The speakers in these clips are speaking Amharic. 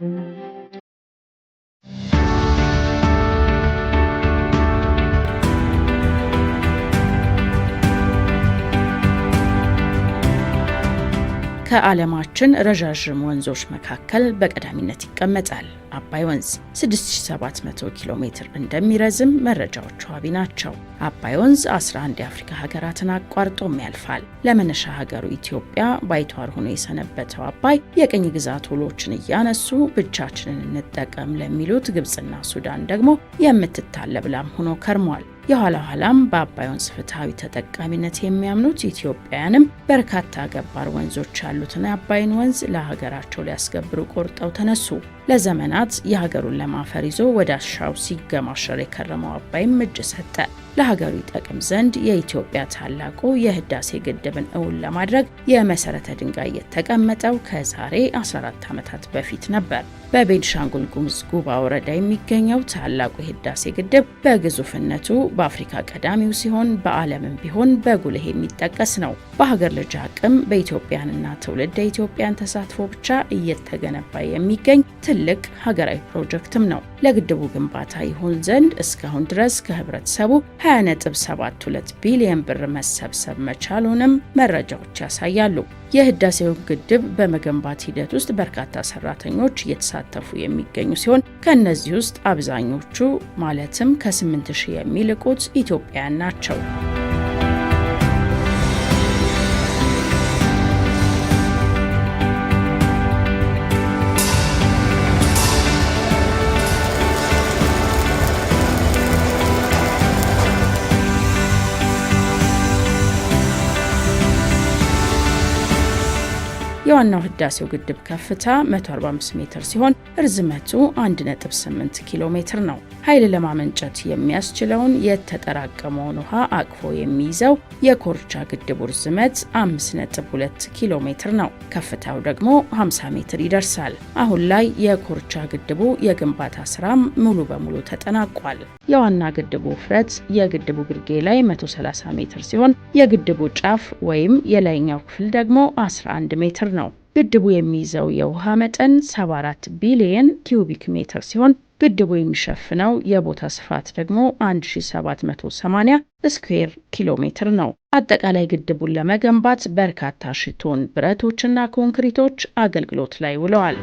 Mm-hmm. ከዓለማችን ረዣዥም ወንዞች መካከል በቀዳሚነት ይቀመጣል። አባይ ወንዝ 6700 ኪሎ ሜትር እንደሚረዝም መረጃዎቹ አቢ ናቸው። አባይ ወንዝ 11 የአፍሪካ ሀገራትን አቋርጦም ያልፋል። ለመነሻ ሀገሩ ኢትዮጵያ ባይቷር ሆኖ የሰነበተው አባይ የቅኝ ግዛት ውሎችን እያነሱ ብቻችንን እንጠቀም ለሚሉት ግብጽና ሱዳን ደግሞ የምትታለብላም ሆኖ ከርሟል። የኋላ ኋላም በአባይ ወንዝ ፍትሐዊ ተጠቃሚነት የሚያምኑት ኢትዮጵያውያንም በርካታ ገባር ወንዞች ያሉትን የአባይን ወንዝ ለሀገራቸው ሊያስገብሩ ቆርጠው ተነሱ። ለዘመናት የሀገሩን ለማፈር አፈር ይዞ ወደ አሻው ሲገማሸር የከረመው አባይም እጅ ሰጠ። ለሀገሩ ይጠቅም ዘንድ የኢትዮጵያ ታላቁ የህዳሴ ግድብን እውን ለማድረግ የመሰረተ ድንጋይ የተቀመጠው ከዛሬ 14 ዓመታት በፊት ነበር። በቤንሻንጉል ጉሙዝ ጉባ ወረዳ የሚገኘው ታላቁ የህዳሴ ግድብ በግዙፍነቱ በአፍሪካ ቀዳሚው ሲሆን በዓለምም ቢሆን በጉልህ የሚጠቀስ ነው። በሀገር ልጅ አቅም በኢትዮጵያንና ትውልደ ኢትዮጵያን ተሳትፎ ብቻ እየተገነባ የሚገኝ ትልቅ ሀገራዊ ፕሮጀክትም ነው። ለግድቡ ግንባታ ይሆን ዘንድ እስካሁን ድረስ ከህብረተሰቡ 20.72 ቢሊየን ብር መሰብሰብ መቻሉንም መረጃዎች ያሳያሉ። የህዳሴው ግድብ በመገንባት ሂደት ውስጥ በርካታ ሰራተኞች እየተሳተፉ የሚገኙ ሲሆን ከእነዚህ ውስጥ አብዛኞቹ ማለትም ከ8000 የሚልቁት ኢትዮጵያውያን ናቸው። የዋናው ህዳሴው ግድብ ከፍታ 145 ሜትር ሲሆን እርዝመቱ 1.8 ኪሎ ሜትር ነው። ኃይል ለማመንጨት የሚያስችለውን የተጠራቀመውን ውሃ አቅፎ የሚይዘው የኮርቻ ግድቡ ርዝመት 5.2 ኪሎ ሜትር ነው። ከፍታው ደግሞ 50 ሜትር ይደርሳል። አሁን ላይ የኮርቻ ግድቡ የግንባታ ስራም ሙሉ በሙሉ ተጠናቋል። የዋና ግድቡ ውፍረት የግድቡ ግርጌ ላይ 130 ሜትር ሲሆን የግድቡ ጫፍ ወይም የላይኛው ክፍል ደግሞ 11 ሜትር ነው። ነው። ግድቡ የሚይዘው የውሃ መጠን 74 ቢሊየን ኪዩቢክ ሜትር ሲሆን ግድቡ የሚሸፍነው የቦታ ስፋት ደግሞ 1780 ስኩዌር ኪሎ ሜትር ነው። አጠቃላይ ግድቡን ለመገንባት በርካታ ሺህ ቶን ብረቶችና ኮንክሪቶች አገልግሎት ላይ ውለዋል።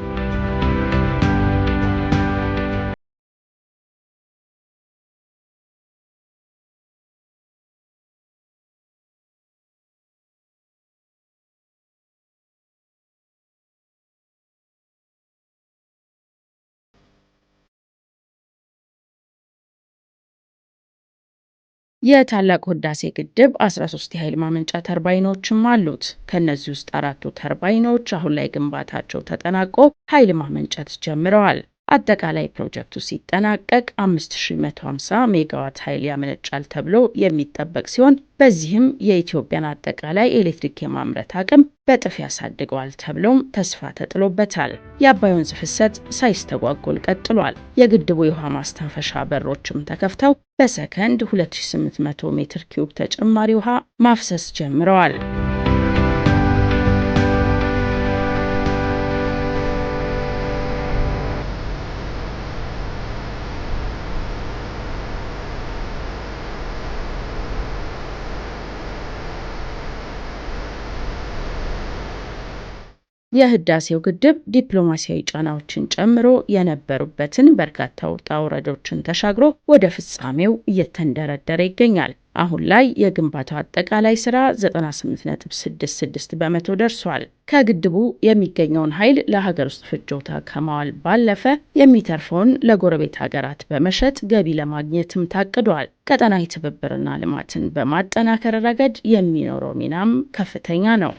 የታላቁ ህዳሴ ግድብ 13 የኃይል ማመንጫ ተርባይኖችም አሉት። ከእነዚህ ውስጥ አራቱ ተርባይኖች አሁን ላይ ግንባታቸው ተጠናቆ ኃይል ማመንጨት ጀምረዋል። አጠቃላይ ፕሮጀክቱ ሲጠናቀቅ 5150 ሜጋዋት ኃይል ያመነጫል ተብሎ የሚጠበቅ ሲሆን በዚህም የኢትዮጵያን አጠቃላይ ኤሌክትሪክ የማምረት አቅም በጥፍ ያሳድገዋል ተብሎም ተስፋ ተጥሎበታል። የአባይ ወንዝ ፍሰት ሳይስተጓጎል ቀጥሏል። የግድቡ የውሃ ማስተንፈሻ በሮችም ተከፍተው በሰከንድ 2800 ሜትር ኪዩብ ተጨማሪ ውሃ ማፍሰስ ጀምረዋል። የህዳሴው ግድብ ዲፕሎማሲያዊ ጫናዎችን ጨምሮ የነበሩበትን በርካታ ውጣ ውረዶችን ተሻግሮ ወደ ፍጻሜው እየተንደረደረ ይገኛል። አሁን ላይ የግንባታው አጠቃላይ ስራ 98.66 በመቶ ደርሷል። ከግድቡ የሚገኘውን ኃይል ለሀገር ውስጥ ፍጆታ ከማዋል ባለፈ የሚተርፈውን ለጎረቤት ሀገራት በመሸጥ ገቢ ለማግኘትም ታቅዷል። ቀጠናዊ ትብብርና ልማትን በማጠናከር ረገድ የሚኖረው ሚናም ከፍተኛ ነው።